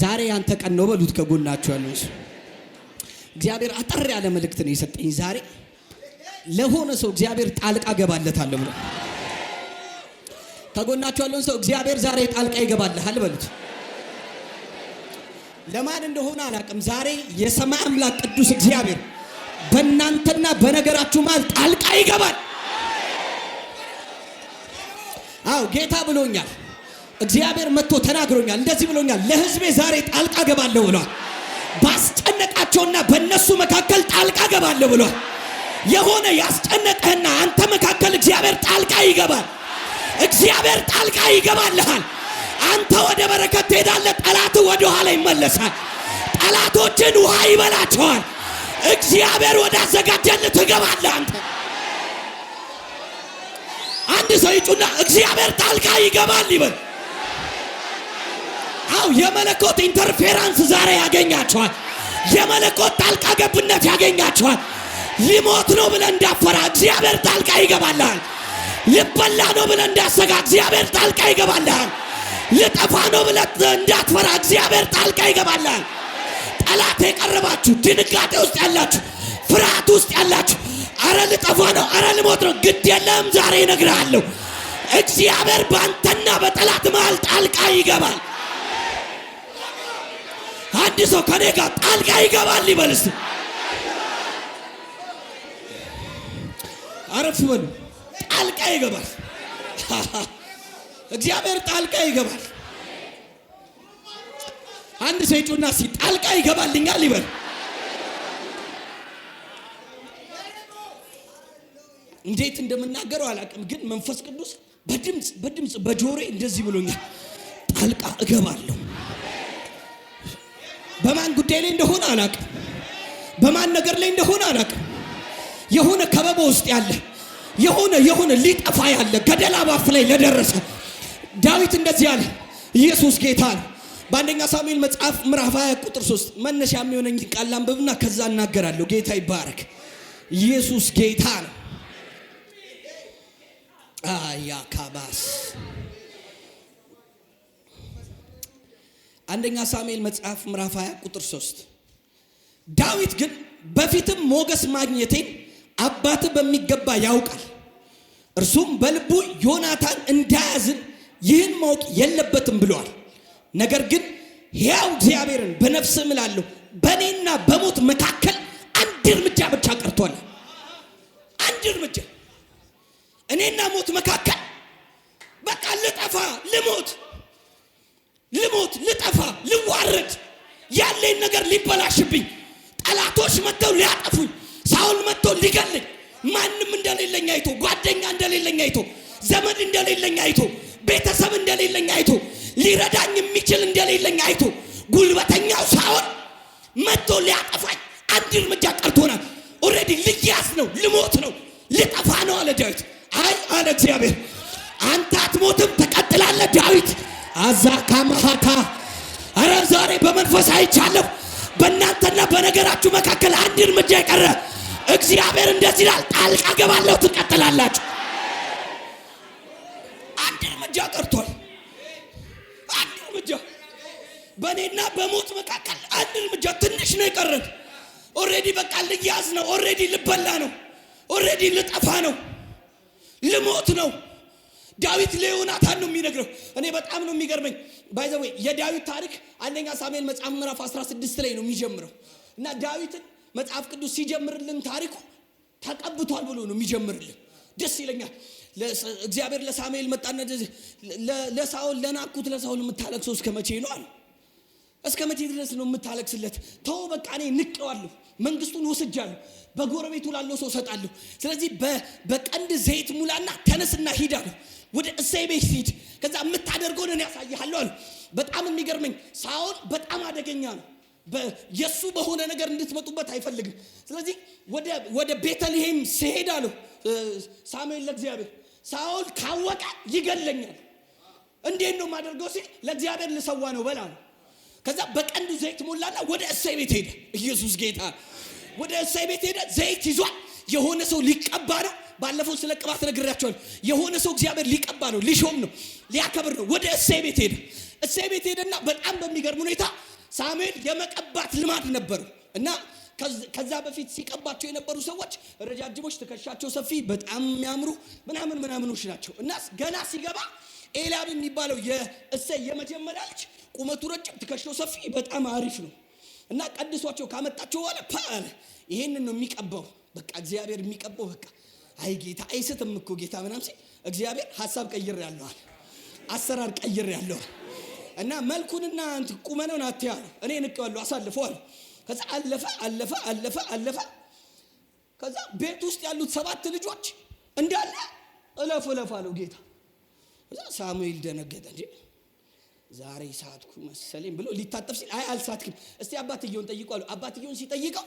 ዛሬ ያንተ ቀን ነው በሉት። ከጎናችሁ ያለው እግዚአብሔር አጠር ያለ መልእክት ነው የሰጠኝ ዛሬ ለሆነ ሰው እግዚአብሔር ጣልቃ ገባለታል ብሎ ከጎናችሁ ያለውን ሰው እግዚአብሔር ዛሬ ጣልቃ ይገባልሃል በሉት። ለማን እንደሆነ አላውቅም። ዛሬ የሰማይ አምላክ ቅዱስ እግዚአብሔር በእናንተና በነገራችሁ መሃል ጣልቃ ይገባል። አዎ ጌታ ብሎኛል። እግዚአብሔር መጥቶ ተናግሮኛል። እንደዚህ ብሎኛል፣ ለህዝቤ ዛሬ ጣልቃ ገባለሁ ብሏል። ባስጨነቃቸውና በእነሱ መካከል ጣልቃ ገባለሁ ብሏል። የሆነ ያስጨነቀህና አንተ መካከል እግዚአብሔር ጣልቃ ይገባል። እግዚአብሔር ጣልቃ ይገባልሃል። አንተ ወደ በረከት ትሄዳለህ፣ ጠላት ወደ ኋላ ይመለሳል። ጠላቶችን ውሃ ይበላቸዋል። እግዚአብሔር ወደ አዘጋጀል ትገባለህ አንተ አንድ ሰው ይጩና እግዚአብሔር ጣልቃ ይገባል ይበል። አው የመለኮት ኢንተርፌራንስ ዛሬ ያገኛቸዋል። የመለኮት ጣልቃ ገብነት ያገኛቸዋል። ሊሞት ነው ብለ እንዳፈራ እግዚአብሔር ጣልቃ ይገባልሃል። ልበላ ነው ብለ እንዳሰጋ እግዚአብሔር ጣልቃ ይገባልሃል። ልጠፋ ነው ብለ እንዳትፈራ እግዚአብሔር ጣልቃ ይገባልሃል። ጠላት የቀረባችሁ፣ ድንጋጤ ውስጥ ያላችሁ፣ ፍርሃት ውስጥ ያላችሁ፣ አረ ልጠፋ ነው፣ አረ ልሞት ነው፣ ግድ የለም ዛሬ እነግርሃለሁ። እግዚአብሔር በአንተና በጠላት መሃል ጣልቃ ይገባል። አንድ ሰው ከኔ ጋር ጣልቃ ይገባል ይበልስ። አረፍ በሉ። ጣልቃ ይገባል። እግዚአብሔር ጣልቃ ይገባል። አንድ ሰው ይጩና ሲ ጣልቃ ይገባልኛል ይበል። እንዴት እንደምናገረው አላውቅም፣ ግን መንፈስ ቅዱስ በድምፅ በድምፅ በጆሮዬ እንደዚህ ብሎኛል፣ ጣልቃ እገባለሁ በማን ጉዳይ ላይ እንደሆነ አላቅም። በማን ነገር ላይ እንደሆነ አላቅም። የሆነ ከበባ ውስጥ ያለ የሆነ የሆነ ሊጠፋ ያለ ገደል አፋፍ ላይ ለደረሰ ዳዊት እንደዚህ አለ፣ ኢየሱስ ጌታ ነው። በአንደኛ ሳሙኤል መጽሐፍ ምዕራፍ 20 ቁጥር 3 መነሻ የሚሆነኝ ቃል ላንብብና ከዛ እናገራለሁ። ጌታ ይባረክ። ኢየሱስ ጌታ ነው። አያ ካባስ አንደኛ ሳሙኤል መጽሐፍ ምዕራፍ 20 ቁጥር 3 ዳዊት ግን በፊትም ሞገስ ማግኘቴን አባት በሚገባ ያውቃል፣ እርሱም በልቡ ዮናታን እንዳያዝን ይህን ማወቅ የለበትም ብለዋል። ነገር ግን ሕያው እግዚአብሔርን በነፍስ እምላለሁ በእኔና በሞት መካከል እንደሌለኝ አይቶ፣ ቤተሰብ እንደሌለኝ አይቶ፣ ሊረዳኝ የሚችል እንደሌለኝ አይቶ ጉልበተኛው ሳይሆን መጥቶ ሊያጠፋኝ አንድ እርምጃ ቀርቶና ኦልሬዲ ልያዝ ነው፣ ልሞት ነው፣ ልጠፋ ነው አለ ዳዊት። አይ አለ እግዚአብሔር፣ አንተ አትሞትም ትቀጥላለህ ዳዊት አዛ ካማሃታ አረ ዛሬ በመንፈስ አይቻለሁ። በእናንተና በነገራችሁ መካከል አንድ እርምጃ የቀረ እግዚአብሔር እንደዚህ ይላል፣ ጣልቃ ገባለሁ፣ ትቀጥላላችሁ። እርምጃ በእኔና በሞት መካከል አንድ እርምጃ ትንሽ ነው የቀረን። ኦሬዲ በቃ ልያዝ ነው። ኦሬዲ ልበላ ነው። ኦሬዲ ልጠፋ ነው። ልሞት ነው። ዳዊት ለዮናታን ነው የሚነግረው። እኔ በጣም ነው የሚገርመኝ። ወይ የዳዊት ታሪክ አንደኛ ሳሙኤል መጽሐፍ ምዕራፍ 16 ላይ ነው የሚጀምረው እና ዳዊትን መጽሐፍ ቅዱስ ሲጀምርልን ታሪኩ ተቀብቷል ብሎ ነው የሚጀምርልን ደስ ይለኛል። እግዚአብሔር ለሳሙኤል መጣና ለሳኦል ለናኩት ለሳኦል የምታለቅሰው እስከ መቼ ነው አለ። እስከ መቼ ድረስ ነው የምታለቅስለት? ተው በቃ እኔ ንቀዋለሁ፣ መንግስቱን ወስጃለሁ፣ በጎረቤቱ ላለው ሰው ሰጣለሁ። ስለዚህ በቀንድ ዘይት ሙላና ተነስና ሂድ አለው። ወደ እሴይ ቤት ሂድ፣ ከዛ የምታደርገውን እኔ ያሳይሃለሁ አለ። በጣም የሚገርመኝ ሳኦል በጣም አደገኛ ነው። የእሱ በሆነ ነገር እንድትመጡበት አይፈልግም። ስለዚህ ወደ ቤተልሔም ስሄድ አለው ሳሙኤል ለእግዚአብሔር ሳኦል ካወቀ ይገለኛል፣ እንዴት ነው የማደርገው ሲል ለእግዚአብሔር ልሰዋ ነው በላ ነው። ከዛ በቀንዱ ዘይት ሞላና ወደ እሳይ ቤት ሄደ። ኢየሱስ ጌታ ወደ እሳይ ቤት ሄደ። ዘይት ይዟል። የሆነ ሰው ሊቀባ ነው። ባለፈው ስለ ቅባት ነግሬያቸዋል። የሆነ ሰው እግዚአብሔር ሊቀባ ነው፣ ሊሾም ነው፣ ሊያከብር ነው። ወደ እሳይ ቤት ሄደ። እሳይ ቤት ሄደና በጣም በሚገርም ሁኔታ ሳሙኤል የመቀባት ልማድ ነበረው እና ከዛ በፊት ሲቀባቸው የነበሩ ሰዎች ረጃጅሞች፣ ትከሻቸው ሰፊ፣ በጣም የሚያምሩ ምናምን ምናምኖች ናቸው እና ገና ሲገባ ኤላብ የሚባለው የእሰይ የመጀመሪያ ልጅ ቁመቱ ረጅም፣ ትከሻው ሰፊ፣ በጣም አሪፍ ነው እና ቀድሷቸው ካመጣቸው በኋላ ፓ ነው የሚቀባው። በቃ እግዚአብሔር የሚቀባው በቃ አይ ጌታ አይስትም እኮ ጌታ ምናም ሲል እግዚአብሔር ሀሳብ ቀይር ያለዋል፣ አሰራር ቀይር ያለዋል እና መልኩንና ቁመናውን አትያሉ እኔ ንቀዋለሁ አሳልፈዋል። ከዛ አለፈ አለፈ አለፈ አለፈ። ከዛ ቤት ውስጥ ያሉት ሰባት ልጆች እንዳለ እለፍ እለፍ አለው ጌታ። ከዛ ሳሙኤል ደነገጠ። እንጂ ዛሬ ሳትኩ መሰለኝ ብሎ ሊታጠፍ ሲል አይ አልሳትክም፣ እስቲ አባትየውን ጠይቁ አሉ። አባትየውን ሲጠይቀው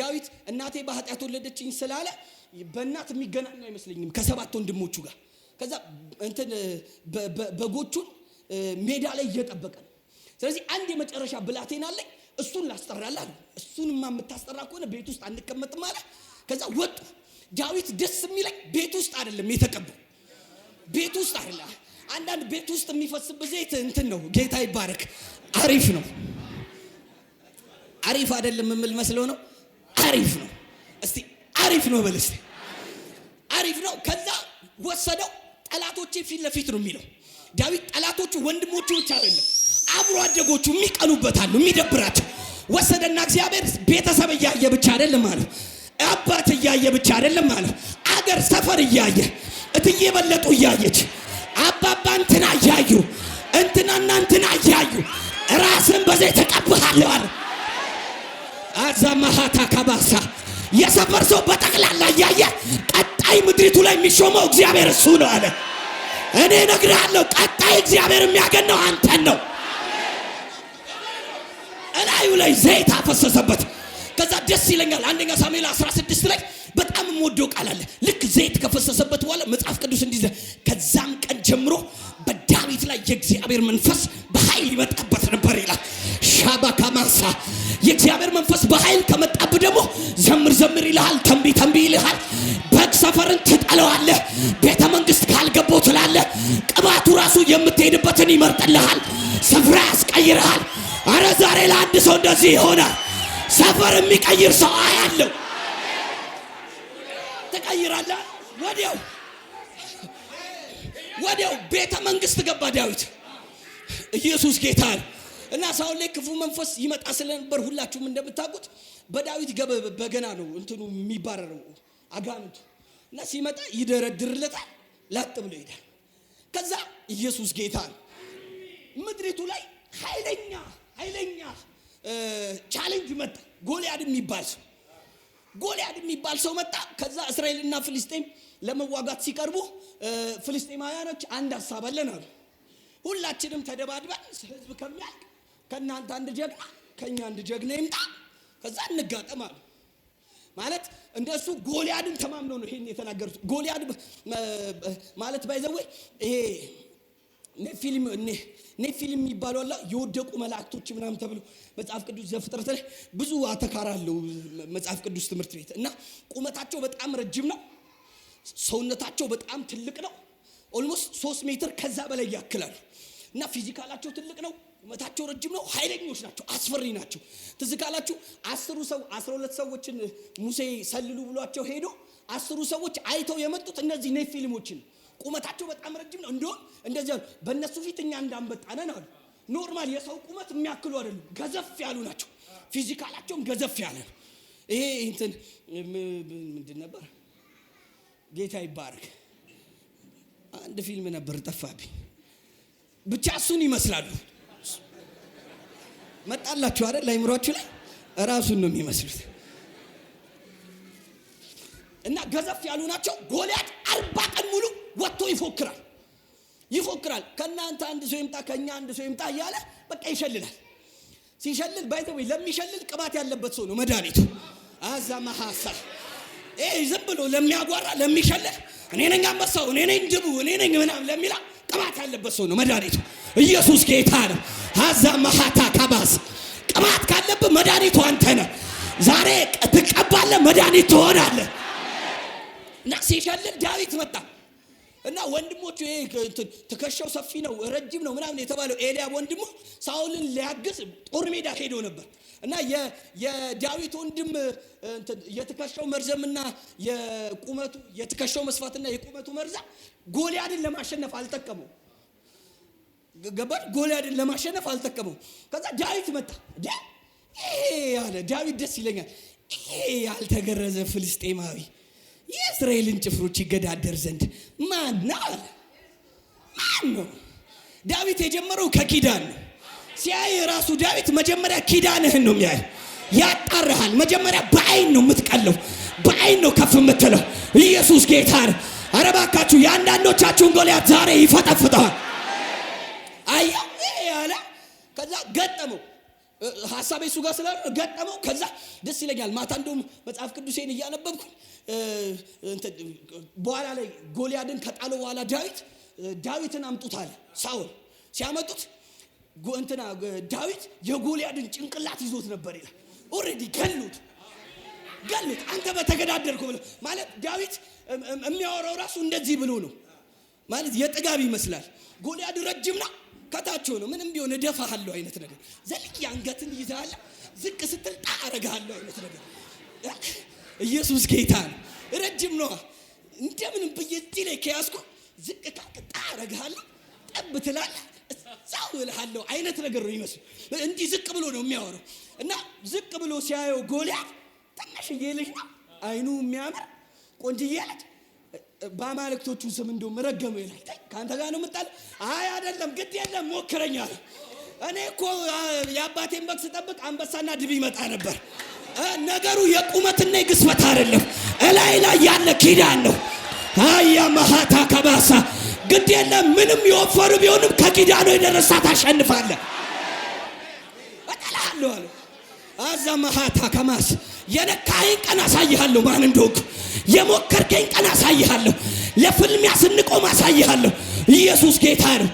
ዳዊት እናቴ በኃጢአት ወለደችኝ ስላለ በእናት የሚገናኙ አይመስለኝም ከሰባት ወንድሞቹ ጋር። ከዛ እንትን በጎቹን ሜዳ ላይ እየጠበቀ ነው። ስለዚህ አንድ የመጨረሻ ብላቴን አለኝ እሱን ላስጠራላል። አለ። እሱንማ የምታስጠራ ከሆነ ቤት ውስጥ አንቀመጥም አለ። ከዛ ወጡ። ዳዊት ደስ የሚለኝ ቤት ውስጥ አይደለም የተቀባው፣ ቤት ውስጥ አይደለም። አንዳንድ ቤት ውስጥ የሚፈስብ ዘይት እንትን ነው። ጌታ ይባረክ። አሪፍ ነው። አሪፍ አይደለም የምል መስለው ነው። አሪፍ ነው። እስቲ አሪፍ ነው በል እስቲ አሪፍ ነው። ከዛ ወሰደው። ጠላቶቼ ፊት ለፊት ነው የሚለው ዳዊት። ጠላቶቹ ወንድሞቹ ብቻ አይደለም አብሮ አደጎቹ የሚቀኑበታሉ የሚደብራቸው ወሰደና እግዚአብሔር ቤተሰብ እያየ ብቻ አይደለም ማለት አባት እያየ ብቻ አይደለም ማለት አገር ሰፈር እያየ እትዬ በለጡ እያየች አባባ እንትና እያዩ እንትናና እንትና እያዩ ራስን በዘይ ተቀብሃለዋል። አዛ ማሃታ ከባሳ የሰፈር ሰው በጠቅላላ እያየ ቀጣይ ምድሪቱ ላይ የሚሾመው እግዚአብሔር እሱ ነው አለ። እኔ እነግርሃለሁ፣ ቀጣይ እግዚአብሔር የሚያገነው አንተን ነው። እላዩ ላይ ዘይት አፈሰሰበት። ከዛ ደስ ይለኛል። አንደኛ ሳሙኤል 16 ላይ በጣም የምወደው ቃል አለ። ልክ ዘይት ከፈሰሰበት በኋላ መጽሐፍ ቅዱስ እንዲዘ ከዛም ቀን ጀምሮ በዳዊት ላይ የእግዚአብሔር መንፈስ በኃይል ይመጣበት ነበር ይላል። ሻባ ካማሳ የእግዚአብሔር መንፈስ በኃይል ከመጣብ ደግሞ ዘምር ዘምር ይልሃል፣ ተንቢ ተንቢ ይልሃል። በግ ሰፈርን ትጠለዋለህ። ቤተ መንግስት ካልገባው ትላለህ። ቅባቱ ራሱ የምትሄድበትን ይመርጥልሃል። ስፍራ ያስቀይርሃል። አረ ዛሬ ለአንድ ሰው እንደዚህ ይሆናል። ሰፈር የሚቀይር ሰው አያለው። ተቀይራለ ወዲያው ወዲያው ቤተ መንግስት ገባ ዳዊት። ኢየሱስ ጌታ ነው። እና ሳውል ላይ ክፉ መንፈስ ይመጣ ስለነበር ሁላችሁም እንደምታውቁት በዳዊት በገና ነው እንትኑ የሚባረረው አጋንንቱ። እና ሲመጣ ይደረድርለታል፣ ላጥ ብሎ ይሄዳል። ከዛ ኢየሱስ ጌታ ነው ምድሪቱ ላይ ኃይለኛ ኃይለኛ ቻሌንጅ መጣ። ጎልያድ የሚባል ሰው ጎልያድ የሚባል ሰው መጣ። ከዛ እስራኤልና ፍልስጤም ለመዋጋት ሲቀርቡ ፍልስጤማውያኖች አንድ ሀሳብ አለን አሉ። ሁላችንም ተደባድበን ህዝብ ከሚያልቅ ከእናንተ አንድ ጀግና ከእኛ አንድ ጀግና ይምጣ፣ ከዛ እንጋጠም አሉ። ማለት እንደሱ ጎልያድን ተማምነው ነው ይሄን የተናገሩት። ጎልያድ ማለት ባይዘዌ ይሄ ኔፊሊም የሚባለው አላ የወደቁ መላእክቶች ምናምን ተብሎ መጽሐፍ ቅዱስ ዘፍጥረት ላይ ብዙ አተካራ አለው መጽሐፍ ቅዱስ ትምህርት ቤት እና ቁመታቸው በጣም ረጅም ነው። ሰውነታቸው በጣም ትልቅ ነው። ኦልሞስት ሶስት ሜትር ከዛ በላይ ያክላሉ እና ፊዚካላቸው ትልቅ ነው። ቁመታቸው ረጅም ነው። ኃይለኞች ናቸው። አስፈሪ ናቸው። ትዝ ካላችሁ አስሩ ሰው አስራ ሁለት ሰዎችን ሙሴ ሰልሉ ብሏቸው ሄዶ አስሩ ሰዎች አይተው የመጡት እነዚህ ኔፊሊሞችን ነው ቁመታቸው በጣም ረጅም ነው። እንዲሁም እንደዚያ በእነሱ ፊት እኛ እንዳንበጣነን አሉ። ኖርማል የሰው ቁመት የሚያክሉ አይደሉም፣ ገዘፍ ያሉ ናቸው። ፊዚካላቸውም ገዘፍ ያለ ነው። ይሄ እንትን ምንድን ነበር? ጌታ ይባርክ። አንድ ፊልም ነበር ጠፋብኝ። ብቻ እሱን ይመስላሉ። መጣላችሁ አይደል? አይምሯችሁ ላይ ራሱን ነው የሚመስሉት። እና ገዘፍ ያሉ ናቸው። ጎልያድ አርባ ቀን ሙሉ ወጥቶ ይፎክራል ይፎክራል። ከእናንተ አንድ ሰው ይምጣ፣ ከእኛ አንድ ሰው ይምጣ እያለ በቃ ይሸልላል። ሲሸልል ባይተው ለሚሸልል ቅባት ያለበት ሰው ነው መድኃኒቱ። አዛ መሐሳ ይህ ዝም ብሎ ለሚያጓራ ለሚሸልል እኔ ነኝ አንበሳው፣ እኔ ነኝ ጅቡ፣ እኔ ነኝ ምናም ለሚላ ቅባት ያለበት ሰው ነው መድኃኒቱ። ኢየሱስ ጌታ ነው። አዛ መሐታ ከባስ ቅባት ካለብህ መድኃኒቱ አንተ ነህ። ዛሬ ትቀባለህ፣ መድኃኒት ትሆናለህ። እና ሲሸልል ዳዊት መጣ እና ወንድሞቹ ትከሻው ሰፊ ነው ረጅም ነው ምናምን የተባለው ኤልያብ ወንድሙ ሳውልን ሊያግዝ ጦር ሜዳ ሄዶ ነበር እና የዳዊት ወንድም የትከሻው መርዘምና የቁመቱ የትከሻው መስፋትና የቁመቱ መርዘም ጎልያድን ለማሸነፍ አልጠቀመው ገባል ጎልያድን ለማሸነፍ አልጠቀመው ከዛ ዳዊት መጣ ይሄ አለ ዳዊት ደስ ይለኛል ይሄ ያልተገረዘ ፍልስጤማዊ የእስራኤልን ጭፍሮች ይገዳደር ዘንድ ማን ነው አለ። ማን ነው? ዳዊት የጀመረው ከኪዳን ነው። ሲያይ ራሱ ዳዊት መጀመሪያ ኪዳንህን ነው የሚያይ። ያጣርሃል። መጀመሪያ በአይን ነው የምትቀለው፣ በአይን ነው ከፍ የምትለው። ኢየሱስ ጌታ ነው። አረ ባካችሁ የአንዳንዶቻችሁን ጎልያት ዛሬ ይፈጠፍጠዋል። አየው ያለ ከዛ ገጠመው ሀሳቤ እሱ ጋር ገጠመው። ከዛ ደስ ይለኛል። ማታ እንደውም መጽሐፍ ቅዱሴን እያነበብኩ በኋላ ላይ ጎልያድን ከጣለ በኋላ ዳዊት ዳዊትን አምጡት አለ ሳውል። ሲያመጡት እንትና ዳዊት የጎልያድን ጭንቅላት ይዞት ነበር ይላል። ኦልሬዲ ገሉት ገሉት። አንተ በተገዳደርኩ ብለህ ማለት ዳዊት የሚያወራው ራሱ እንደዚህ ብሎ ነው ማለት የጥጋብ ይመስላል። ጎልያድ ረጅምና ከታቸው ነው። ምንም ቢሆን እደፋሃለሁ አይነት ነገር ዘልቅ፣ አንገትን ይዛለ፣ ዝቅ ስትል ጣ አረግሃለሁ አይነት ነገር ኢየሱስ ጌታ ነው። ረጅም ነው። እንደምንም ብዬ እዚህ ላይ ከያዝኩ ዝቅ ታቅጣ አረግሃለሁ፣ ጠብ ትላለህ፣ እዛው እልሃለሁ አይነት ነገር ነው ይመስል። እንዲህ ዝቅ ብሎ ነው የሚያወራው እና ዝቅ ብሎ ሲያየው ጎልያድ ትንሽዬ ልጅ ነው፣ አይኑ የሚያምር ቆንጅዬ አለች። በአማልክቶቹ ስም እንደውም ረገመው ይላል። ከአንተ ጋር ነው የምጣለው? አይ አይደለም፣ ግድ የለም ሞክረኛል። እኔ እኮ የአባቴን በግ ስጠብቅ አንበሳና ድብ ይመጣ ነበር። ነገሩ የቁመትና የግስበት አይደለም። እላይ ላይ ያለ ኪዳን ነው። አያ መሃታ ከባሳ ግድ የለም ምንም የወፈሩ ቢሆንም ከኪዳኑ የደረሳ ታሸንፋለ። እጠላለሁ አለ አዛ መሃታ ከማስ የነካኸኝ ቀን አሳይሃለሁ፣ ማን እንደሆንክ የሞከርከኝ ቀን አሳይሃለሁ፣ ለፍልሚያ ስንቆም አሳይሃለሁ። ኢየሱስ ጌታ ነው።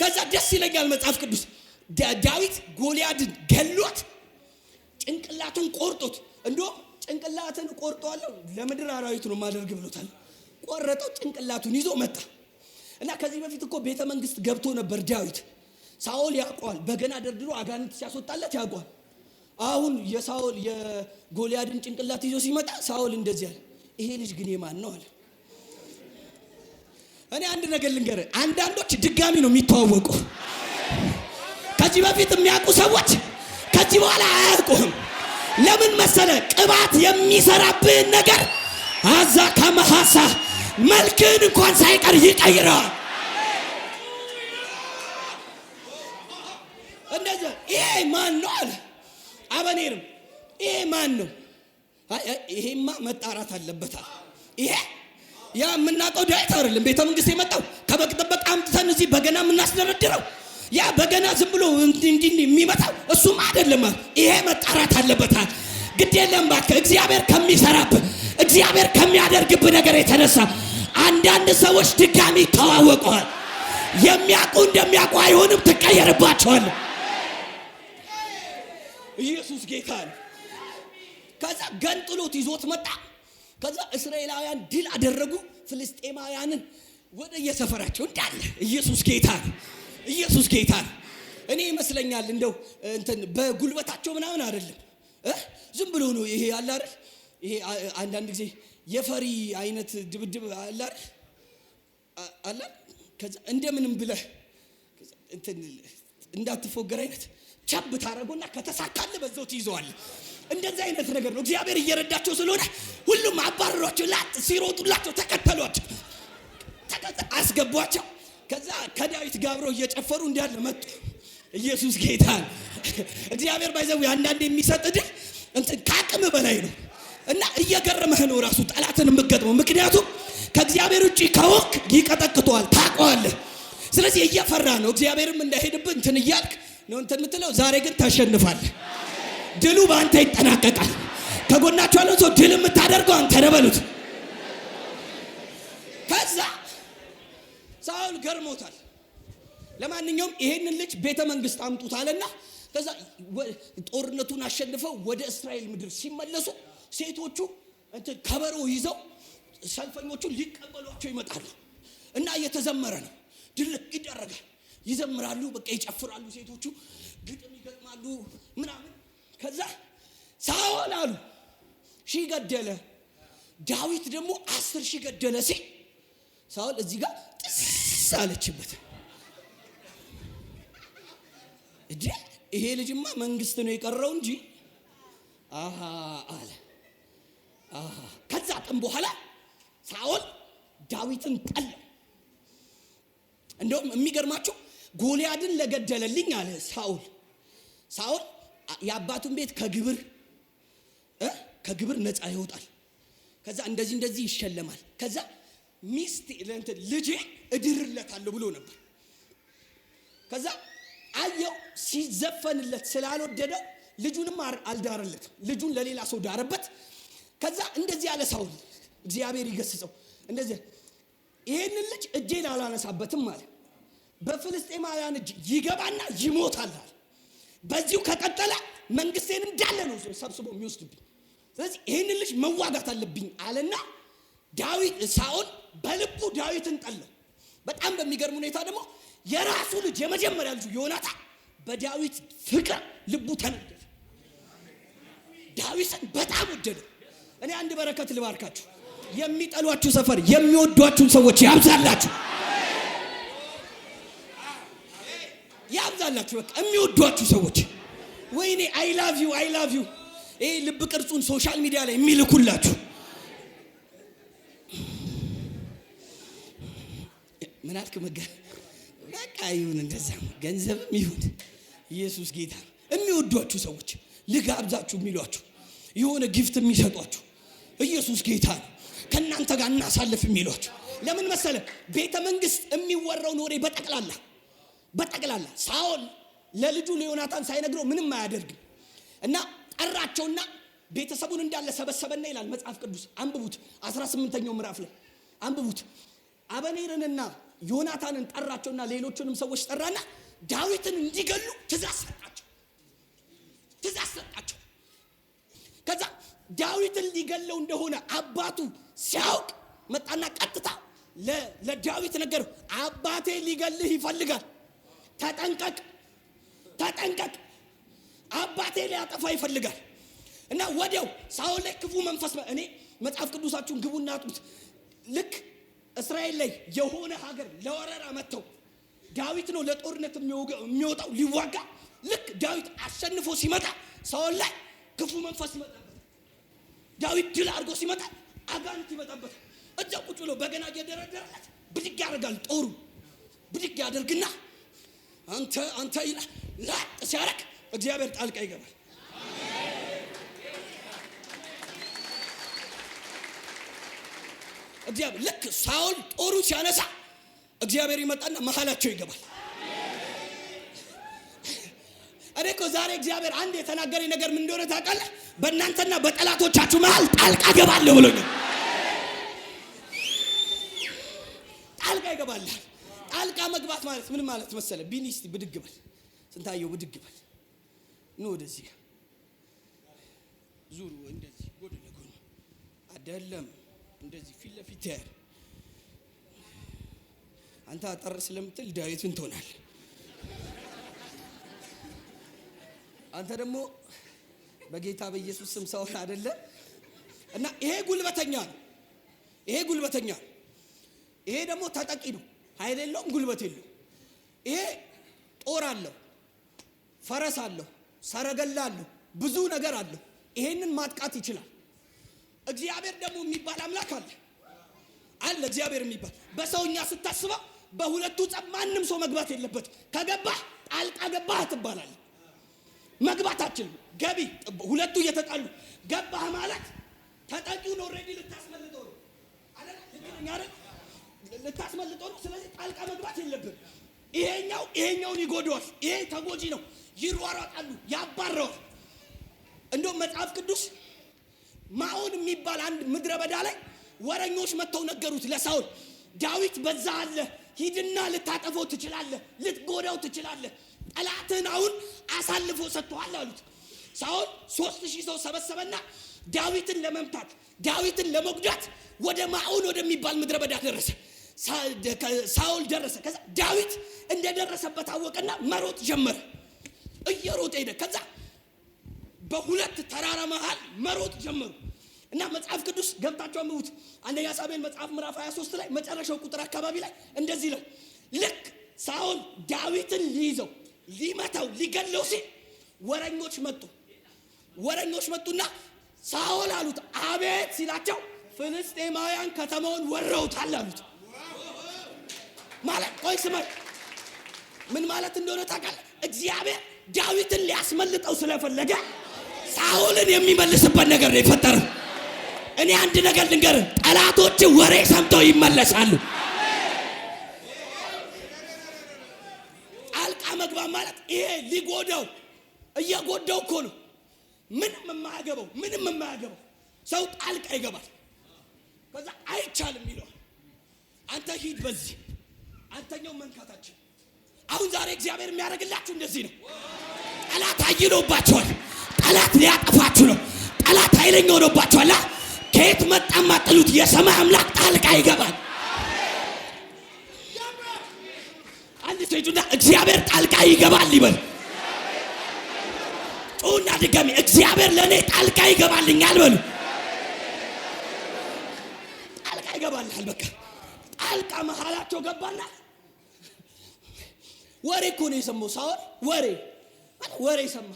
ከዛ ደስ ይለኛል መጽሐፍ ቅዱስ ዳዊት ጎልያድን ገሎት ጭንቅላቱን ቆርጡት። እንዲሁም ጭንቅላትን ቆርጠዋለሁ ለምድር አራዊት ነው ማደርግ ብሎታል። ቆረጠው፣ ጭንቅላቱን ይዞ መጣ እና ከዚህ በፊት እኮ ቤተ መንግስት ገብቶ ነበር ዳዊት። ሳኦል ያውቀዋል፣ በገና ደርድሮ አጋንንት ሲያስወጣለት ያውቀዋል። አሁን የሳኦል የጎልያድን ጭንቅላት ይዞ ሲመጣ ሳኦል እንደዚህ አለ፣ ይሄ ልጅ ግን የማን ነው አለ። እኔ አንድ ነገር ልንገርህ፣ አንዳንዶች ድጋሚ ነው የሚተዋወቁ ከዚህ በፊት የሚያውቁ ሰዎች ከዚህ በኋላ አያውቁህም። ለምን መሰለ? ቅባት የሚሰራብህን ነገር አዛ ከመሐሳ መልክህን እንኳን ሳይቀር ይቀይረዋል። እንደዚያ ይሄ ማን ነው አለ አበኔርም፣ ይሄ ማን ነው? ይሄማ መጣራት አለበታል። ይሄ ያ የምናውቀው ዳዊት አይደለም። ቤተ መንግስት የመጣው ከበግ ጥበቃ አምጥተን እዚህ በገና የምናስደረድረው ያ በገና ዝም ብሎ እንዲህ የሚመጣው እሱም አይደለም። ይሄ መጣራት አለበታል። ግድ የለም እባክህ እግዚአብሔር ከሚሰራብህ እግዚአብሔር ከሚያደርግብህ ነገር የተነሳ አንዳንድ ሰዎች ድጋሚ ይተዋወቀዋል። የሚያውቁ እንደሚያውቁ አይሆንም፣ ትቀየርባቸዋል። ኢየሱስ ጌታ ነው። ከዛ ገንጥሎት ይዞት መጣ። ከዛ እስራኤላውያን ድል አደረጉ ፍልስጤማውያንን ወደ የሰፈራቸው እንዳለ ኢየሱስ ጌታ ነው። ኢየሱስ ጌታ ነው። እኔ ይመስለኛል እንደው እንትን በጉልበታቸው ምናምን አይደለም ዝም ብሎ ነው ይሄ አለ አይደል? ይሄ አንዳንድ ጊዜ የፈሪ አይነት ድብድብ አለ አይደል? አለ ከዛ እንደምንም ብለህ እንዳትፎገር አይነት ቸብ ታደረጎና ከተሳካለ በዛው ትይዘዋል። እንደዚህ አይነት ነገር ነው። እግዚአብሔር እየረዳቸው ስለሆነ ሁሉም አባረሯቸው፣ ሲሮጡላቸው ተከተሏቸው፣ አስገቧቸው። ከዛ ከዳዊት ጋር አብረው እየጨፈሩ እንዳለ መጡ። ኢየሱስ ጌታ። እግዚአብሔር ባይዘው አንዳንድ የሚሰጥ ድል እንትን ከአቅም በላይ ነው እና እየገረመህ ነው ራሱ ጠላትን የምትገጥመው። ምክንያቱም ከእግዚአብሔር ውጭ ከወክ ይቀጠቅጠዋል፣ ታውቀዋለህ። ስለዚህ እየፈራ ነው እግዚአብሔርም እንዳይሄድብህ እንትን እያልክ ነው እንትን የምትለው። ዛሬ ግን ታሸንፋል ድሉ በአንተ ይጠናቀቃል። ከጎናቸው ያለው ሰው ድል የምታደርገው አንተ ነው ከዛ ሳውል ገርሞታል። ለማንኛውም ይሄንን ልጅ ቤተ መንግስት አምጡት አለና ከዛ ጦርነቱን አሸንፈው ወደ እስራኤል ምድር ሲመለሱ ሴቶቹ ከበሮ ይዘው ሰልፈኞቹ ሊቀበሏቸው ይመጣሉ እና እየተዘመረ ነው። ድልቅ ይደረጋል። ይዘምራሉ፣ በቃ ይጨፍራሉ። ሴቶቹ ግጥም ይገጥማሉ ምናምን። ከዛ ሳኦል አሉ ሺህ ገደለ፣ ዳዊት ደግሞ አስር ሺህ ገደለ ሲል ሳውል እዚህ ጋር ጥስ አለችበት። እዲ ይሄ ልጅማ መንግስት ነው የቀረው እንጂ አለ። ከዛ ቀን በኋላ ሳውል ዳዊትን ጠላ። እንደውም የሚገርማችሁ ጎልያድን ለገደለልኝ አለ ሳውል ሳውል የአባቱን ቤት ከግብር ከግብር ነፃ ይወጣል። ከዛ እንደዚህ እንደዚህ ይሸለማል። ከዛ ለእንት ልጄ እድርለታለሁ ብሎ ነበር። ከዛ አየው ሲዘፈንለት ስላልወደደው ልጁንም አልዳረለትም። ልጁን ለሌላ ሰው ዳረበት። ከዛ እንደዚህ ያለ ሰው እግዚአብሔር ይገስጸው። እንደዚህ ይህንን ልጅ እጄን አላነሳበትም አለ። በፍልስጤማውያን እጅ ይገባና ይሞታል። አለ። በዚሁ ከቀጠለ መንግስቴን እንዳለ ነው ሰብስቦ የሚወስድብኝ። ስለዚህ ይህንን ልጅ መዋጋት አለብኝ አለና ዳዊት ሳኦል በልቡ ዳዊትን ጠላው። በጣም በሚገርም ሁኔታ ደግሞ የራሱ ልጅ የመጀመሪያ ልጁ ዮናታ በዳዊት ፍቅር ልቡ ተነደደ። ዳዊትን በጣም ወደደ። እኔ አንድ በረከት ልባርካችሁ። የሚጠሏችሁ ሰፈር የሚወዷችሁን ሰዎች ያብዛላችሁ፣ ያብዛላችሁ። በቃ የሚወዷችሁ ሰዎች ወይኔ አይ ላቭ ዩ አይ ላቭ ዩ ይህ ልብ ቅርጹን ሶሻል ሚዲያ ላይ የሚልኩላችሁ ምን አልክ? መጋ በቃ ይሁን እንደዛ ገንዘብም ይሁን ኢየሱስ ጌታ። የሚወዷችሁ ሰዎች ልጋብዛችሁ የሚሏችሁ የሆነ ጊፍት የሚሰጧችሁ ኢየሱስ ጌታ ነው። ከእናንተ ጋር እናሳልፍ የሚሏችሁ ለምን መሰለ? ቤተ መንግስት የሚወራውን ወሬ በጠቅላላ በጠቅላላ ሳኦል ለልጁ ለዮናታን ሳይነግረው ምንም አያደርግም እና ጠራቸውና ቤተሰቡን እንዳለ ሰበሰበና ይላል መጽሐፍ ቅዱስ አንብቡት። አስራ ስምንተኛው ምዕራፍ ላይ አንብቡት አበኔርንና ዮናታንን ጠራቸውና ሌሎቹንም ሰዎች ጠራና ዳዊትን እንዲገሉ ትእዛዝ ሰጣቸው። ትእዛዝ ሰጣቸው። ከዛ ዳዊትን ሊገለው እንደሆነ አባቱ ሲያውቅ መጣና ቀጥታ ለዳዊት ነገረው። አባቴ ሊገልህ ይፈልጋል፣ ተጠንቀቅ፣ ተጠንቀቅ፣ አባቴ ሊያጠፋ ይፈልጋል። እና ወዲያው ሳውል ላይ ክፉ መንፈስ እኔ መጽሐፍ ቅዱሳችሁን ግቡና እናጡት ልክ እስራኤል ላይ የሆነ ሀገር ለወረራ መጥተው ዳዊት ነው ለጦርነት የሚወጣው ሊዋጋ ልክ ዳዊት አሸንፎ ሲመጣ ሰውን ላይ ክፉ መንፈስ ይመጣበታል። ዳዊት ድል አድርጎ ሲመጣ አጋንት ይመጣበታል። እዛ ቁጭ ብሎ በገና እየደረደረለት ብድግ ያደርጋል። ጦሩ ብድግ ያደርግና አንተ አንተ ይላል። ላጥ ሲያረግ እግዚአብሔር ጣልቃ ይገባል። እግዚአብሔር ልክ ሳውል ጦሩ ሲያነሳ እግዚአብሔር ይመጣና መሀላቸው ይገባል። እኔ እኮ ዛሬ እግዚአብሔር አንድ የተናገረኝ ነገር ምን እንደሆነ ታውቃለህ? በእናንተና በጠላቶቻችሁ መሀል ጣልቃ እገባለሁ ብሎኛል። ጣልቃ ይገባልህ። ጣልቃ መግባት ማለት ምን ማለት መሰለ? ቢኒስቲ እስቲ ብድግ በል ስንታየው፣ ብድግ በል ኑ፣ ወደዚህ ዙሩ፣ እንደዚህ ጎን ለጎን አይደለም እንደዚህ ፊት ለፊት ያያል። አንተ አጠር ስለምትል ዳዊትን ትሆናል። አንተ ደግሞ በጌታ በኢየሱስ ስም ሰውን አይደለ እና ይሄ ጉልበተኛ ነው። ይሄ ጉልበተኛ ነው። ይሄ ደግሞ ተጠቂ ነው። ኃይል የለውም፣ ጉልበት የለው። ይሄ ጦር አለው፣ ፈረስ አለው፣ ሰረገላ አለው፣ ብዙ ነገር አለው። ይሄንን ማጥቃት ይችላል። እግዚአብሔር ደግሞ የሚባል አምላክ አለ አለ እግዚአብሔር የሚባል በሰውኛ ስታስበው በሁለቱ ጸብ ማንም ሰው መግባት የለበት። ከገባህ ጣልቃ ገባህ ትባላል። መግባታችን ገቢ ሁለቱ እየተጣሉ ገባህ ማለት ተጠቂውን ኦልሬዲ ልታስመልጠው ነው ልታስመልጠው ነው። ስለዚህ ጣልቃ መግባት የለብን። ይሄኛው ይሄኛውን ይጎደዋል ይሄ ተጎጂ ነው። ይሯሯጣሉ፣ ያባረዋል። እንደውም መጽሐፍ ቅዱስ ሳኦል የሚባል አንድ ምድረ በዳ ላይ ወረኞች መጥተው ነገሩት ለሳኦል ዳዊት በዛ አለ ሂድና ልታጠፈው ትችላለህ ልትጎዳው ትችላለህ ጠላትህን አሁን አሳልፎ ሰጥተዋል አሉት ሳኦል ሶስት ሺህ ሰው ሰበሰበና ዳዊትን ለመምታት ዳዊትን ለመጉዳት ወደ ማዑን ወደሚባል ምድረ በዳ ደረሰ ሳኦል ደረሰ ከዛ ዳዊት እንደደረሰበት አወቀና መሮጥ ጀመረ እየሮጠ ሄደ ከዛ በሁለት ተራራ መሃል መሮጥ ጀመሩ እና መጽሐፍ ቅዱስ ገብታችሁ አንብቡት። አንደኛ ሳሙኤል መጽሐፍ ምዕራፍ 23 ላይ መጨረሻው ቁጥር አካባቢ ላይ እንደዚህ ነው። ልክ ሳኦል ዳዊትን ሊይዘው ሊመታው ሊገለው ሲል ወረኞች መጡ። ወረኞች መጡና ሳኦል አሉት አቤት ሲላቸው ፍልስጤማውያን ከተማውን ወረውታል አሉት። ማለት ቆይ ስማ፣ ምን ማለት እንደሆነ ታውቃለህ? እግዚአብሔር ዳዊትን ሊያስመልጠው ስለፈለገ ሳኦልን የሚመልስበት ነገር ነው የፈጠረው። እኔ አንድ ነገር ልንገር፣ ጠላቶች ወሬ ሰምተው ይመለሳሉ። ጣልቃ መግባት ማለት ይሄ ሊጎዳው እየጎዳው እኮ ነው። ምንም የማያገባው ምንም የማያገባው ሰው ጣልቃ ይገባል። ከዛ አይቻልም ይለዋል። አንተ ሂድ በዚህ አንተኛው መንካታችን። አሁን ዛሬ እግዚአብሔር የሚያደርግላችሁ እንደዚህ ነው። ጠላት አይሎባችኋል። ጠላት ሊያጠፋችሁ ነው። ጠላት ኃይለኛ ሆኖባችኋል። ከየት መጣ ማጥሉት የሰማይ አምላክ ጣልቃ ይገባል። አንድ ሰይቱና እግዚአብሔር ጣልቃ ይገባል ይበል። ጩና ድጋሚ እግዚአብሔር ለእኔ ጣልቃ ይገባልኛል በሉ። ጣልቃ ይገባልሃል። በቃ ጣልቃ መሀላቸው ገባና ወሬ እኮ ነው የሰማው። ሳወር ወሬ ወሬ ሰማ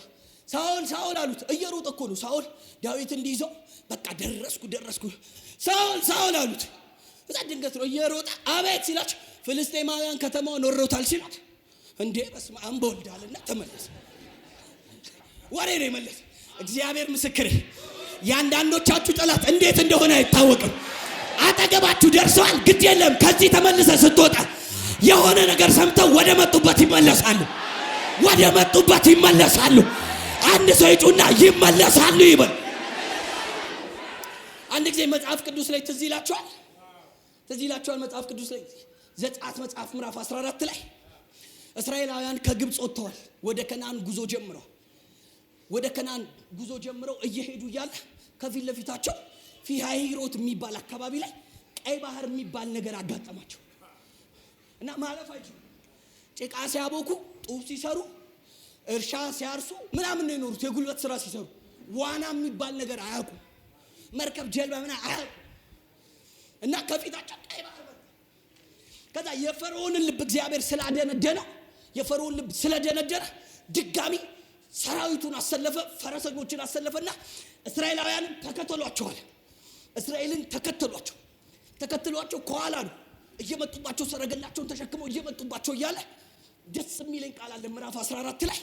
ሳኦል ሳኦል አሉት። እየሮጠ እኮ ነው ሳኦል ዳዊት እንዲይዘው በቃ ደረስኩ ደረስኩ ሳኦል ሳኦል አሉት። እዛ ድንገት ነው እየሮጠ አቤት ሲላቸው ፍልስጤማውያን ከተማውን ወሮታል ሲሉት እንዴ በስመ አብ በወልዳልና ተመለሰ። ወሬ ነው የመለሰ። እግዚአብሔር ምስክር የአንዳንዶቻችሁ ጠላት እንዴት እንደሆነ አይታወቅም። አጠገባችሁ ደርሰዋል፣ ግድ የለም ከዚህ ተመልሰ ስትወጣ የሆነ ነገር ሰምተው ወደ መጡበት ይመለሳሉ፣ ወደ መጡበት ይመለሳሉ። አንድ ሰው ይጩና ይመለሳሉ ይበል። አንድ ጊዜ መጽሐፍ ቅዱስ ላይ ትዝ ይላቸዋል፣ ትዝ ይላቸዋል። መጽሐፍ ቅዱስ ላይ ዘጸአት መጽሐፍ ምዕራፍ 14 ላይ እስራኤላውያን ከግብፅ ወጥተዋል፣ ወደ ከነአን ጉዞ ጀምረው ወደ ከነአን ጉዞ ጀምረው እየሄዱ እያለ ከፊት ለፊታቸው ፊሃይሮት የሚባል አካባቢ ላይ ቀይ ባህር የሚባል ነገር አጋጠማቸው እና ማለፍ አይችሉም። ጭቃ ሲያቦኩ ጡብ ሲሰሩ እርሻ ሲያርሱ ምናምን ነው የኖሩት። የጉልበት ስራ ሲሰሩ ዋና የሚባል ነገር አያውቁ መርከብ፣ ጀልባ ምና አያውቁም። እና ከፊታቸው ቀይ ባህር ከዛ የፈርዖንን ልብ እግዚአብሔር ስላደነደነ የፈርዖን ልብ ስለደነደነ ድጋሚ ሰራዊቱን አሰለፈ፣ ፈረሰኞችን አሰለፈና እስራኤላውያንን ተከተሏቸዋል። እስራኤልን ተከተሏቸው ተከትሏቸው ከኋላ ነው እየመጡባቸው ሰረገላቸውን ተሸክመው እየመጡባቸው እያለ ደስ የሚለኝ ቃል አለ ምዕራፍ 14 ላይ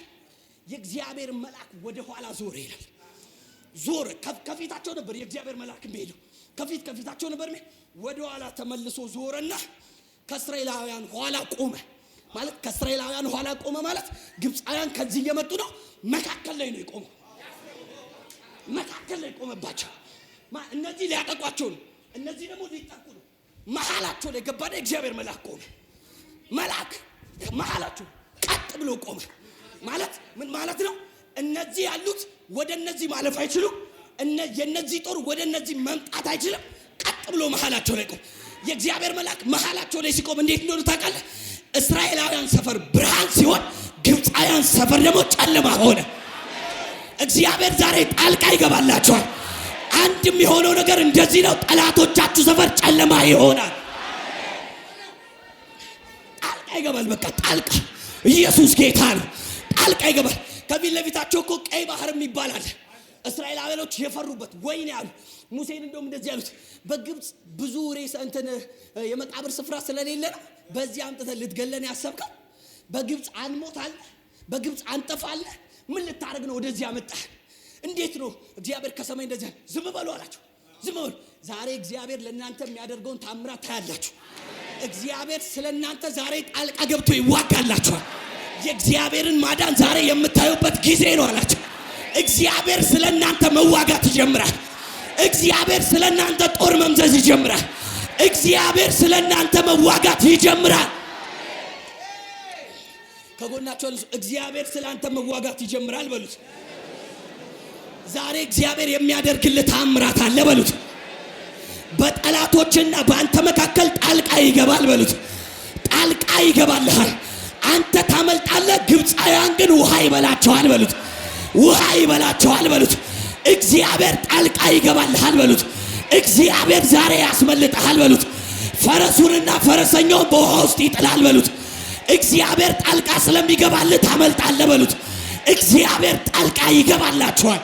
የእግዚአብሔር መልአክ ወደ ኋላ ዞር ይላል። ዞር ከፊታቸው ነበር የእግዚአብሔር መልአክ የሚሄደው ከፊት ከፊታቸው ነበር። ወደ ኋላ ተመልሶ ዞረና ከእስራኤላውያን ኋላ ቆመ። ማለት ከእስራኤላውያን ኋላ ቆመ ማለት ግብፃውያን ከዚህ እየመጡ ነው። መካከል ላይ ነው የቆመው። መካከል ላይ ቆመባቸው። እነዚህ ሊያጠቋቸው ነው፣ እነዚህ ደግሞ ሊጠቁ ነው። መሀላቸው ላይ ገባና የእግዚአብሔር መልአክ ቆመ። መልአክ መሀላቸው ቀጥ ብሎ ቆመ። ማለት ምን ማለት ነው? እነዚህ ያሉት ወደ እነዚህ ማለፍ አይችሉም። የእነዚህ ጦር ወደ እነዚህ መምጣት አይችልም። ቀጥ ብሎ መሀላቸው ላይ ቆም። የእግዚአብሔር መልአክ መሀላቸው ላይ ሲቆም እንዴት እንደሆኑ ታውቃለህ? እስራኤላውያን ሰፈር ብርሃን ሲሆን፣ ግብፃውያን ሰፈር ደግሞ ጨለማ ሆነ። እግዚአብሔር ዛሬ ጣልቃ ይገባላቸዋል። አንድም የሆነው ነገር እንደዚህ ነው። ጠላቶቻችሁ ሰፈር ጨለማ ይሆናል። ጣልቃ ይገባል። በቃ ጣልቃ። ኢየሱስ ጌታ ነው። ጣልቃ ይገባል። ከፊት ለፊታቸው እኮ ቀይ ባህር የሚባል አለ። እስራኤላውያኖች የፈሩበት ወይኔ አሉ። ሙሴን እንደውም እንደዚህ ያሉት በግብፅ ብዙ ሬስ እንትን የመቃብር ስፍራ ስለሌለ ነው በዚህ አምጥተን ልትገለን ያሰብከው። በግብፅ አንሞት አለ፣ በግብፅ አንጠፋ አለ። ምን ልታደርግ ነው ወደዚህ ያመጣህ? እንዴት ነው እግዚአብሔር ከሰማይ እንደዚህ ዝም በሉ አላቸው። ዝም በሉ። ዛሬ እግዚአብሔር ለእናንተ የሚያደርገውን ታምራት ታያላችሁ። እግዚአብሔር ስለ እናንተ ዛሬ ጣልቃ ገብቶ ይዋጋላችኋል። የእግዚአብሔርን ማዳን ዛሬ የምታዩበት ጊዜ ነው አላቸው። እግዚአብሔር ስለ እናንተ መዋጋት ይጀምራል። እግዚአብሔር ስለ እናንተ ጦር መምዘዝ ይጀምራል። እግዚአብሔር ስለ እናንተ መዋጋት ይጀምራል። ከጎናቸው እግዚአብሔር ስለ አንተ መዋጋት ይጀምራል በሉት። ዛሬ እግዚአብሔር የሚያደርግልህ ታምራት አለ በሉት። በጠላቶችና በአንተ መካከል ጣልቃ ይገባል በሉት። ጣልቃ ይገባልሃል። አንተ ታመልጣለህ፣ ግብፃውያን ግን ውሃ ይበላቸዋል በሉት። ውሃ ይበላቸዋል በሉት። እግዚአብሔር ጣልቃ ይገባልሃል በሉት። እግዚአብሔር ዛሬ ያስመልጣል በሉት። ፈረሱንና ፈረሰኛውን በውሃ ውስጥ ይጥላል በሉት። እግዚአብሔር ጣልቃ ስለሚገባልህ ታመልጣለህ በሉት። እግዚአብሔር ጣልቃ ይገባላቸዋል።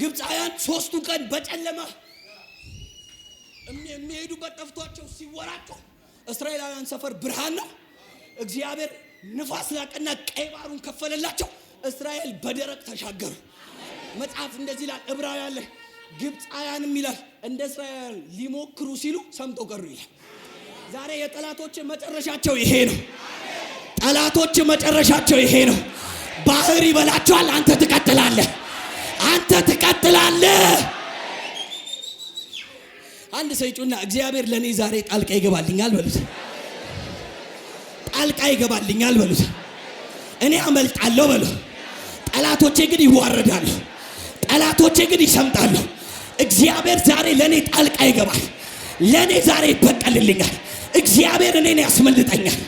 ግብፃውያን ሶስቱ ቀን በጨለማ የሚሄዱበት ጠፍቷቸው ሲወራቸው እስራኤላውያን ሰፈር ብርሃን ነው። እግዚአብሔር ንፋስ ላቀና ቀይ ከፈለላቸው። እስራኤል በደረቅ ተሻገሩ። መጽሐፍ እንደዚህ ይላል እብራውያን ላይ ግብፃውያንም ይላል እንደ እስራኤል ሊሞክሩ ሲሉ ሰምጦ ቀሩ ይላል። ዛሬ የጠላቶች መጨረሻቸው ይሄ ነው። ጠላቶች መጨረሻቸው ይሄ ነው። ባህር ይበላቸዋል። አንተ ትቀጥላለህ። አንተ ትቀጥላለህ። አንድ ሰው ይጩና እግዚአብሔር ለእኔ ዛሬ ጣልቃ ይገባልኛል በሉት። ጣልቃ ይገባልኛል በሉት። እኔ አመልጣለሁ በሉት። ጠላቶቼ ግን ይዋረዳሉ። ጠላቶቼ ግን ይሰምጣሉ። እግዚአብሔር ዛሬ ለእኔ ጣልቃ ይገባል። ለእኔ ዛሬ ይበቀልልኛል። እግዚአብሔር እኔን ያስመልጠኛል።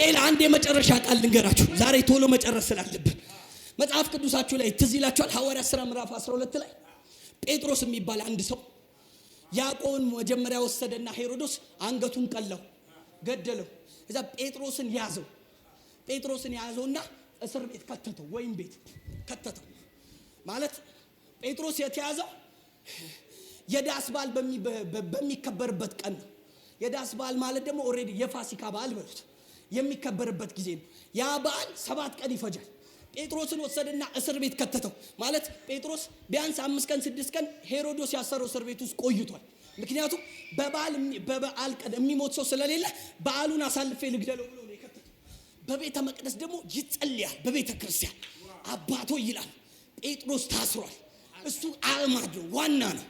ሌላ አንድ የመጨረሻ ቃል ልንገራችሁ፣ ዛሬ ቶሎ መጨረስ ስላለብን። መጽሐፍ ቅዱሳችሁ ላይ ትዝ ይላችኋል ሐዋርያት ሥራ ምዕራፍ 12 ላይ ጴጥሮስ የሚባል አንድ ሰው ያዕቆብን መጀመሪያ ወሰደና ሄሮዶስ አንገቱን ቀላው፣ ገደለው። እዛ ጴጥሮስን ያዘው። ጴጥሮስን ያዘውና እስር ቤት ከተተው፣ ወይም ቤት ከተተው። ማለት ጴጥሮስ የተያዘው የዳስ በዓል በሚከበርበት ቀን ነው። የዳስ በዓል ማለት ደግሞ ኦልሬዲ የፋሲካ በዓል በሉት የሚከበርበት ጊዜ ነው። ያ በዓል ሰባት ቀን ይፈጃል። ጴጥሮስን ወሰደና እስር ቤት ከተተው። ማለት ጴጥሮስ ቢያንስ አምስት ቀን ስድስት ቀን ሄሮዶስ ያሰረው እስር ቤት ውስጥ ቆይቷል። ምክንያቱም በበዓል ቀን የሚሞት ሰው ስለሌለ በዓሉን አሳልፌ ልግደለው ብሎ የከተተው። በቤተ መቅደስ ደግሞ ይጸልያል። በቤተ ክርስቲያን አባቶ ይላል። ጴጥሮስ ታስሯል። እሱ አዕማድ ነው፣ ዋና ነው።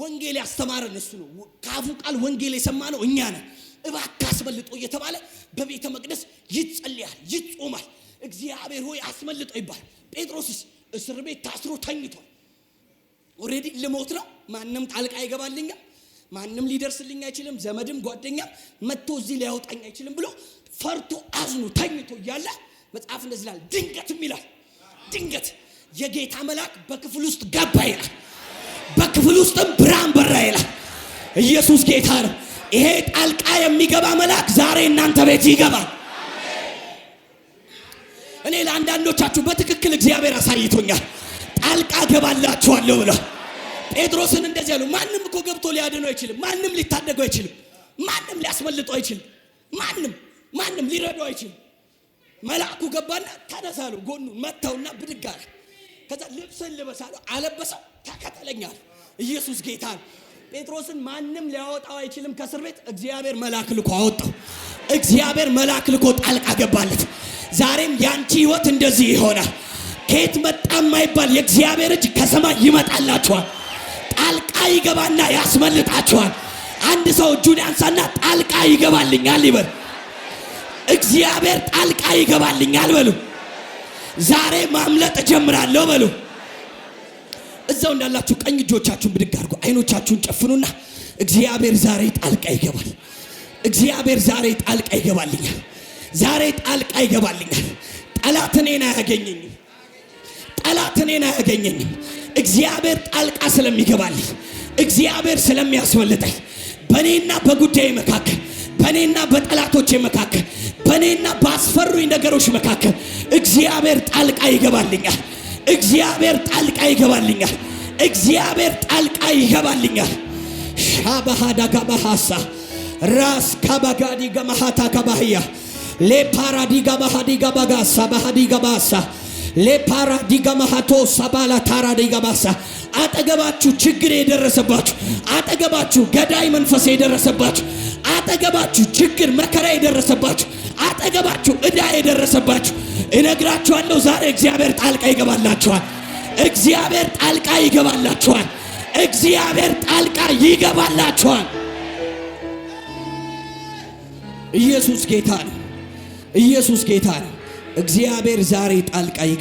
ወንጌል ያስተማረን እሱ ነው። ከአፉ ቃል ወንጌል የሰማ እኛ ነን። እባክህ አስበልጦ እየተባለ በቤተ መቅደስ ይጸልያል፣ ይጾማል። እግዚአብሔር ሆይ አስመልጠው ይባል። ጴጥሮስስ እስር ቤት ታስሮ ተኝቷል። ኦልሬዲ ልሞት ነው። ማንም ጣልቃ ይገባልኛ፣ ማንም ሊደርስልኝ አይችልም፣ ዘመድም ጓደኛም መጥቶ እዚህ ሊያወጣኝ አይችልም ብሎ ፈርቶ አዝኖ ተኝቶ እያለ መጽሐፍ እንደዚህ ይላል። ድንገትም ይላል ድንገት የጌታ መልአክ በክፍል ውስጥ ገባ ይላል። በክፍል ውስጥም ብርሃን በራ ይላል። ኢየሱስ ጌታ ነው። ይሄ ጣልቃ የሚገባ መልአክ ዛሬ እናንተ ቤት ይገባል። እኔ ለአንዳንዶቻችሁ በትክክል እግዚአብሔር አሳይቶኛል። ጣልቃ ገባላችኋለሁ ብለ ጴጥሮስን እንደዚህ ያሉ ማንም እኮ ገብቶ ሊያድነው አይችልም። ማንም ሊታደገው አይችልም። ማንም ሊያስመልጠው አይችልም። ማንም ማንም ሊረዳው አይችልም። መልአኩ ገባና ተነሳሉ ጎኑን መታውና ብድግ አለ። ከዛ ልብስን ልበሳሉ አለበሰው። ተከተለኛል። ኢየሱስ ጌታ ነው። ጴጥሮስን ማንም ሊያወጣው አይችልም ከእስር ቤት። እግዚአብሔር መልአክ ልኮ አወጣው። እግዚአብሔር መልአክ ልኮ ጣልቃ ገባለት። ዛሬም ያንቺ ህይወት እንደዚህ ይሆናል። ከየት መጣ የማይባል የእግዚአብሔር እጅ ከሰማይ ይመጣላችኋል። ጣልቃ ይገባና ያስመልጣችኋል። አንድ ሰው እጁን ያንሳና ጣልቃ ይገባልኛል ይበል። እግዚአብሔር ጣልቃ ይገባልኛል በሉ። ዛሬ ማምለጥ እጀምራለሁ በሉ። እዛው እንዳላችሁ ቀኝ እጆቻችሁን ብድግ አድርጉ። አይኖቻችሁን ጨፍኑና እግዚአብሔር ዛሬ ጣልቃ ይገባል። እግዚአብሔር ዛሬ ጣልቃ ይገባልኛል። ዛሬ ጣልቃ ይገባልኛል። ጠላት እኔን አያገኘኝም። ጠላት እኔን አያገኘኝም። እግዚአብሔር ጣልቃ ስለሚገባልኝ፣ እግዚአብሔር ስለሚያስወልጠኝ በእኔና በጉዳይ መካከል፣ በእኔና በጠላቶቼ መካከል፣ በእኔና በአስፈሩኝ ነገሮች መካከል እግዚአብሔር ጣልቃ ይገባልኛል። እግዚአብሔር ጣልቃ ይገባልኛል። እግዚአብሔር ጣልቃ ይገባልኛል። ሻባሃዳ ጋባሃሳ ራስ ካባጋዲ ገማሃታ ከባህያ ሌፓራዲጋ ባሃዲጋ ባጋሳ ባሃዲጋ ባሳ ሌፓራዲጋ ማሃቶ ሳባላ ታራዲጋ ባሳ አጠገባችሁ ችግር የደረሰባችሁ አጠገባችሁ ገዳይ መንፈስ የደረሰባችሁ አጠገባችሁ ችግር መከራ የደረሰባችሁ አጠገባችሁ እዳ የደረሰባችሁ እነግራችኋለሁ፣ ዛሬ እግዚአብሔር ጣልቃ ይገባላችኋል። እግዚአብሔር ጣልቃ ይገባላችኋል። እግዚአብሔር ጣልቃ ይገባላችኋል። ኢየሱስ ጌታ ነው። ኢየሱስ ጌታ ነው። እግዚአብሔር ዛሬ ጣልቃ ይገባል።